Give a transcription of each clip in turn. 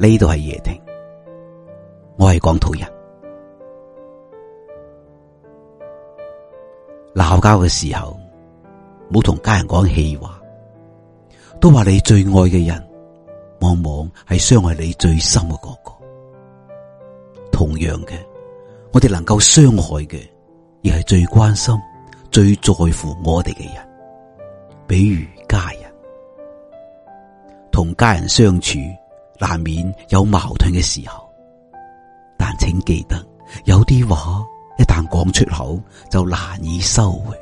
呢度係夜聽，我係港土人。鬧交嘅時候，冇同家人講氣話，都話你最愛嘅人，往往係傷害你最深嘅嗰個，個。同樣嘅，我哋能夠傷害嘅，亦係最關心、最在乎我哋嘅人，比如家人。同家人相處。難免有矛盾嘅時候，但請記得，有啲話一旦講出口就難以收回，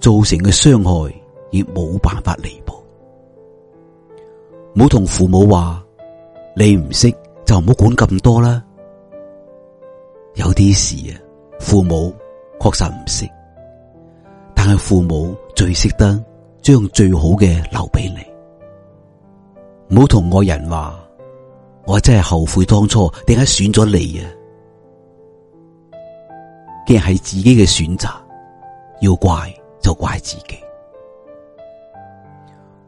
造成嘅傷害亦冇辦法彌補。唔好同父母話你唔識就唔好管咁多啦。有啲事啊，父母確實唔識，但係父母最識得將最好嘅留俾你。唔好同愛人話，我真係後悔當初點解選咗你啊！既然係自己嘅選擇，要怪就怪自己。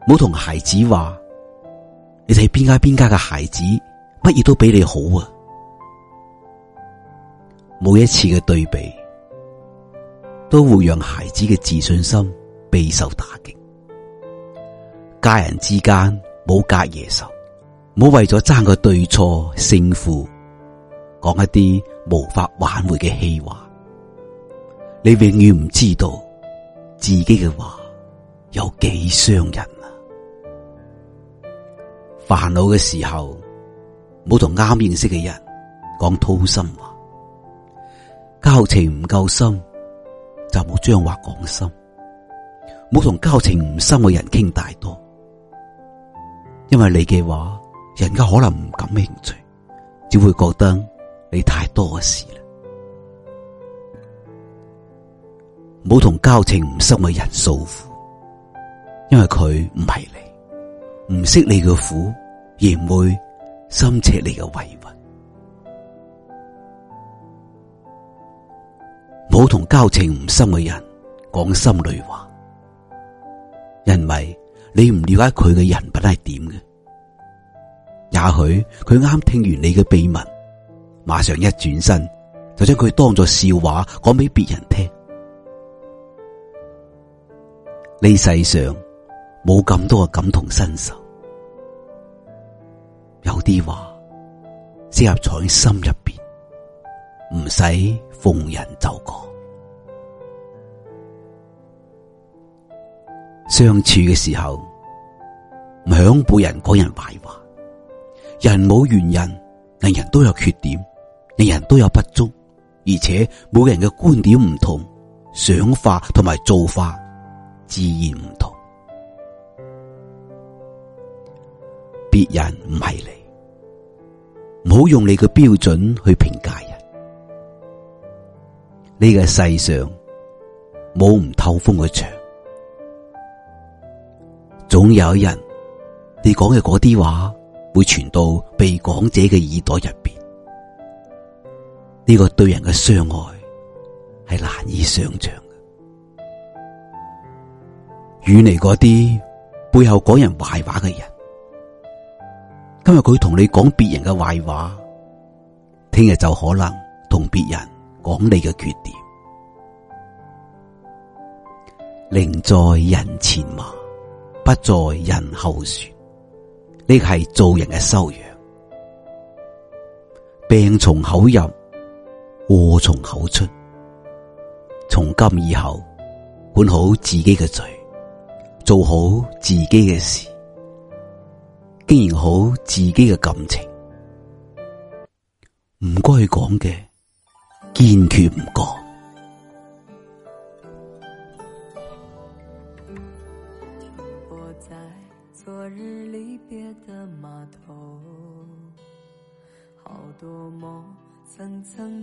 唔好同孩子話，你睇邊家邊家嘅孩子乜嘢都比你好啊！每一次嘅對比，都會讓孩子嘅自信心備受打擊。家人之間。冇隔夜仇，冇為咗爭個對錯勝負，講一啲無法挽回嘅氣話。你永遠唔知道自己嘅話有幾傷人啊！煩惱嘅時候，冇同啱認識嘅人講掏心話，交情唔夠深就冇將話講深，冇同交情唔深嘅人傾太多。因為你嘅話，人家可能唔感興趣，只會覺得你太多事啦。唔好同交情唔深嘅人訴苦，因為佢唔係你，唔識你嘅苦，而唔會深切你嘅委屈。唔好同交情唔深嘅人講心裏話，因為。你唔了解佢嘅人品係點嘅，也許佢啱聽完你嘅秘密，馬上一轉身就將佢當做笑話講俾別人聽。呢世上冇咁多嘅感同身受，有啲話適合藏喺心入邊，唔使逢人就講。相處嘅時候，唔響背人講人壞話。人冇完人，人人都有缺點，人人都有不足，而且每個人嘅觀點唔同，想法同埋做法自然唔同。別人唔係你，唔好用你嘅標準去評價人。呢個世上冇唔透風嘅牆。總有一人，你講嘅嗰啲話會傳到被講者嘅耳朵入邊，呢、這個對人嘅傷害係難以想象嘅。遠離嗰啲背後講人壞話嘅人，今日佢同你講別人嘅壞話，聽日就可能同別人講你嘅缺點，寧在人前罵。不在人後說，呢個係做人嘅修養。病從口入，禍從口出。從今以後，管好自己嘅嘴，做好自己嘅事，經營好自己嘅感情。唔該講嘅，堅決唔講。